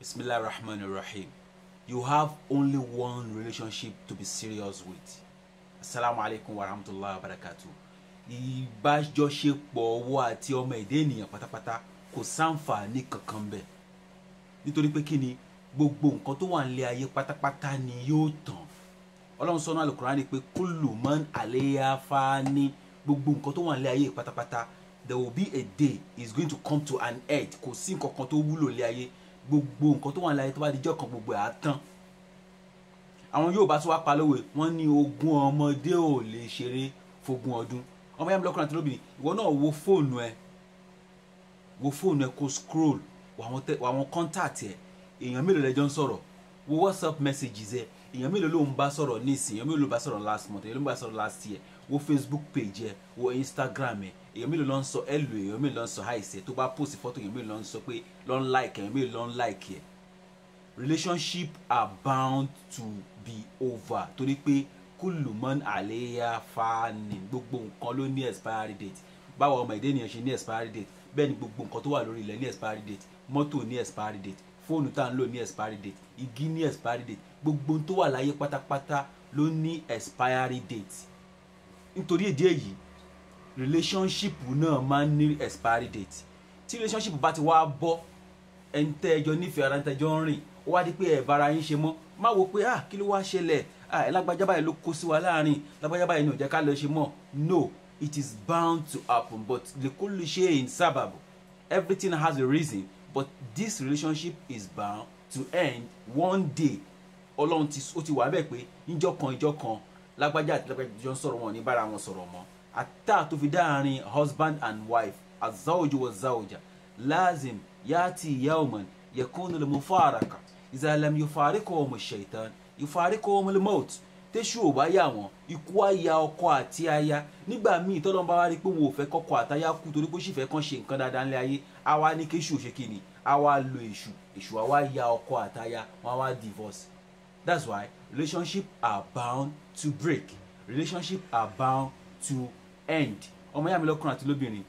Bismillah Rahman Rahim. You have only one relationship to be serious with. Assalamu alaikum wa rahmatullahi wa barakatuh. Ìbájọṣepọ̀ ọwọ́ àti ọmọ èdè ènìyàn pátápátá kò sáǹfààní kankan bẹ́ẹ̀. Nítorí pé kí ni gbogbo nǹkan tó wà nílé ayé pátápátá ni yóò tàn. Ọlọ́run sọ́nà Al-Qur'ani pé kullu man alayha fani gbogbo nǹkan tó wà nílé ayé pátápátá there will be a day is going to come to an end kò sí nǹkan kan tó wúlò nílé ayé gbogbo nǹkan tó wà láyé tó bá di jọ́ kan gbogbo ẹ̀ á tán àwọn yóò bá tún wá pa lówe wọ́n ní ogún ọmọdé ò lè ṣeré fógún ọdún ọmọ yẹn lọ́kùnrin àti lóbìnrin ìwọ náà wo fóònù ẹ wo fóònù ẹ kó scroll wà àwọn contact ẹ èèyàn mélòó lẹjọ ń sọ̀rọ̀ wo whatsapp messages ẹ èèyàn mélòó ló ń bá sọ̀rọ̀ nísìnyí èèyàn mélòó ló bá sọ̀rọ̀ last month èèyàn mélòó ló bá sọ̀rọ̀ last year wo facebook page ẹ wo instagram ẹ èèyàn mélòó ló ń sọ ẹlò èèyàn mélòó ló ń sọ àìsẹ tó bá post photo èèyàn mélòó ló ń sọ pé ló ń like èèyàn mélòó ló ń like ẹ relationship are bound to be over torí pé kùlùmọ́n àléyà fani gbogbo nǹkan ló ní expiry date báwo ọmọ ìdẹ́niyàn ṣe ní expiry date bẹ́ẹ̀ ni gbogbo nǹkan tó wà lórí ilẹ̀ ní expiry date mọ́tò ní expiry date fóònù tá à ń lò ní expiry date igi ní expiry date gbogbo tó wà láyé pátápátá ló ní expiry date nítorí ìdí èyí relationship náà máa ń ní expiry date tí relationship bá ti wá bọ́ ẹni tẹ́ ẹjọ́ nífẹ̀ẹ́ ara tẹ́jọ́ ń rìn ó wá di pé ẹ̀ yín ṣe mọ́ má wo pé ah kí ló wá ṣẹlẹ̀ ah ẹ̀ lágbájá báyìí ló kó sí wa láàrin lágbájá báyìí ni ò jẹ́ ká lọ ṣe mọ́ no it is bound to happen but the kó lè ṣe in sábàbò everything has a reason but this relationship is bound to end one day ọlọ́run ti ó ti wà bẹ́ẹ̀ pé níjọ́ kan ìjọ́ kan lágbájá àti lágbájá jọ ń sọ̀rọ̀ wọn ní bára wọn sọ̀rọ̀ mọ́ àtà tó fi dáàrin husband and wife azáwòjú wa záwòjà lazim yati yawman yakunu lil mufaraka iza lam yufarikuhum ash-shaytan yufarikuhum al-maut tẹ́ṣù ò bá yà wọ́n ikú á ya ọkọ àti aya nígbà míì tọ́lọ́n bá wá rí pé wọn ò fẹ́ kọ́kọ́ àtayá kú torí pé ó sì fẹ́ kàn ṣe nǹkan dáadáa ńlẹ̀ ayé á wá ní kéṣù òṣèkìní á wá lo èṣù èṣù á ya ọkọ àtaya wọn wá divorce that's why relationship are bound to break relationship are bound to end ọmọ yàrá mi lọ́kùnrin àti lóbìnrin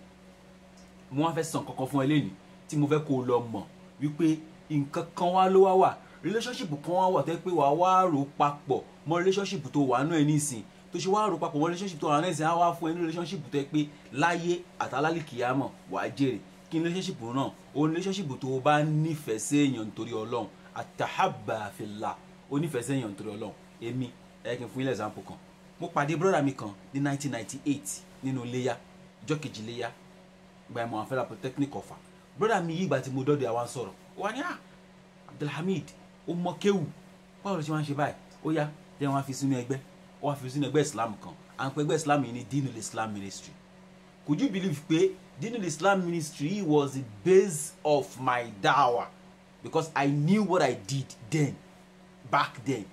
mo wá fẹ́ sàn kankan fún ẹ lẹ́yìn tí mo fẹ́ kó o lọ mọ̀ wípé nǹkan kan wá ló wá wà relationship kan wá wà tẹ́ pé wàá wá rò papọ̀ mọ́ relationship tó wà nú ẹ nísìn tó ṣe wá rò papọ̀ mọ́ relationship tó wà nú ẹ nísìn á wá fún ẹ ní relationship tẹ́ pé láyé àtàlálìkìyàmọ̀ wàá jèrè kí ni relationship náà o relationship tó o bá nífẹ̀ẹ́ sí èèyàn nítorí ọlọ́run àtàhábà fillah o nífẹ̀ẹ́ sí èèyàn nítorí ọlọ́run èmi ẹ kí n fún ilé example kan mo pàdé brọ́dà mi kan ní 1998 nínú iléyà ọjọ́ kejì iléyà gba ìmọ̀ àfẹ́rà polytechnic ọ̀fà brọ́dà mi yí ìgbà tí mo dọ́dọ̀ àwọn sọ̀rọ̀ wà ní à ah, Abdulhamid ó mọ kéwù báwo ló ṣe máa ń ṣe báyìí ó yá jẹ́ wọn á fi sínú ẹgbẹ́ ó wá fi sínú ẹgbẹ́ islam kan à ń pè ẹgbẹ́ islam yìí ní dinul islam ministry could you believe pé dinul islam ministry was the base of my dawa because i knew what i did then back then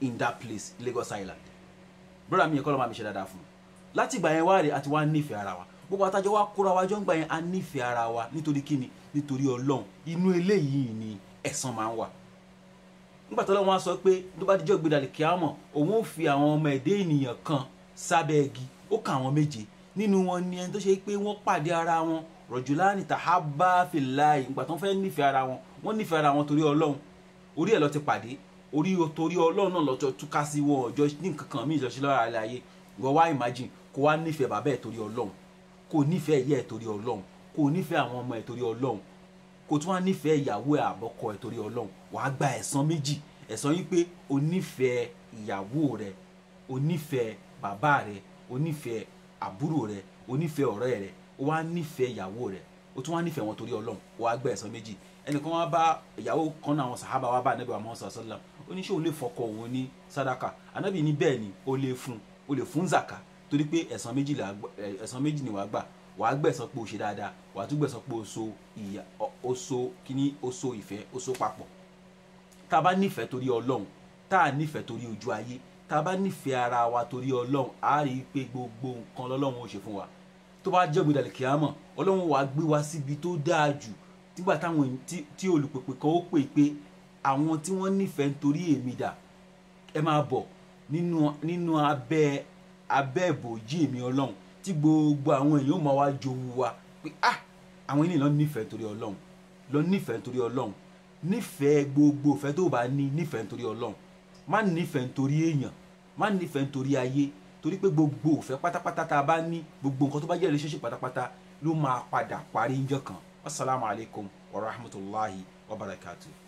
in that place Lagos Island brother mi yẹn kọ́ ló máa mi ṣe dáadáa fún un láti ìgbà yẹn wá rè àti wá nífẹ̀ẹ́ ara wa gbogbo àtàjọ wa kóra wa jọ ń gbà yẹn a nífẹ̀ẹ́ ara wa nítorí kíni nítorí ọlọ́run inú eléyìí ni ẹ̀san máa ń wà nígbà tí Ọlọ́run wá sọ pé tó bá dijọ́ gbẹdàlẹ̀ kíámọ̀ òun ò fi àwọn ọmọ ẹ̀dẹ́ ènìyàn kan sábẹ́ igi ó kà wọ́n méje nínú wọn ni ẹni tó ṣe pé wọ́n pàdé ara wọn rọ̀jùláàní tàhábà fìláì nígbà tó ń fẹ́ nífẹ̀ẹ́ ara wọn wọ́n nífẹ̀ẹ́ ara wọn torí Ọlọ́run orí ẹ̀ lọ ti pàdé orí torí Ọlọ́run náà lọ́jọ́ túká sí wọn ọjọ́ ní nǹkan míì ìjọsí lọ́ra kó tún wá nífẹ̀ẹ́ ìyàwó ẹ̀ àbọ̀kọ ẹ̀ torí ọlọ́run wàá gba ẹ̀san méjì ẹ̀san yìí pé o nífẹ̀ẹ́ ìyàwó rẹ o nífẹ̀ẹ́ bàbá rẹ o nífẹ̀ẹ́ àbúrò rẹ o nífẹ̀ẹ́ ọ̀rẹ́ rẹ o wá nífẹ̀ẹ́ ìyàwó rẹ o tún wá nífẹ̀ẹ́ wọn torí ọlọ́run wàá gba ẹ̀san méjì ẹnìkan wá bá ìyàwó kan náà àwọn sàhábà wá bá ànábì wa mọ́sá sọ́lá ó ní ṣé o lè ní Oso kini oso ife oso ìfẹ́ ó so papọ̀ tá a bá nífẹ̀ẹ́ torí ọlọ́run tá a nífẹ̀ẹ́ torí ojú ayé tá a bá nífẹ̀ẹ́ ara wa torí ọlọ́run á rí i pé gbogbo nǹkan lọ́lọ́run ó ṣe fún wa tó bá jẹ́ gbẹdàlẹ̀ kíámọ̀ ọlọ́run wàá gbé wa síbi tó dáa jù nígbà táwọn tí olùpèpè kan ó pè pé àwọn tí wọ́n nífẹ̀ẹ́ nítorí èmi dà ẹ máa bọ̀ nínú nínú abẹ́ abẹ́ ìbòjí èmi ọlọ́run tí gbogbo àwọn èèyàn máa wá jowú wa pe ah àwọn ilé lọ nífẹ̀ẹ́ torí ọlọ́run lọ nífẹ̀ẹ́ torí ọlọ́run nífẹ̀ẹ́ gbogbo ìfẹ́ tó bá ní nífẹ̀ẹ́ torí ọlọ́run má nífẹ̀ẹ́ torí èèyàn má nífẹ̀ẹ́ torí ayé torí pé gbogbo ìfẹ́ pátápátá tá a bá ní gbogbo nǹkan tó bá jẹ́ relationship pátápátá ló máa padà parí níjọ́ kan assalamu wa rahmatulahi wa barakatuh.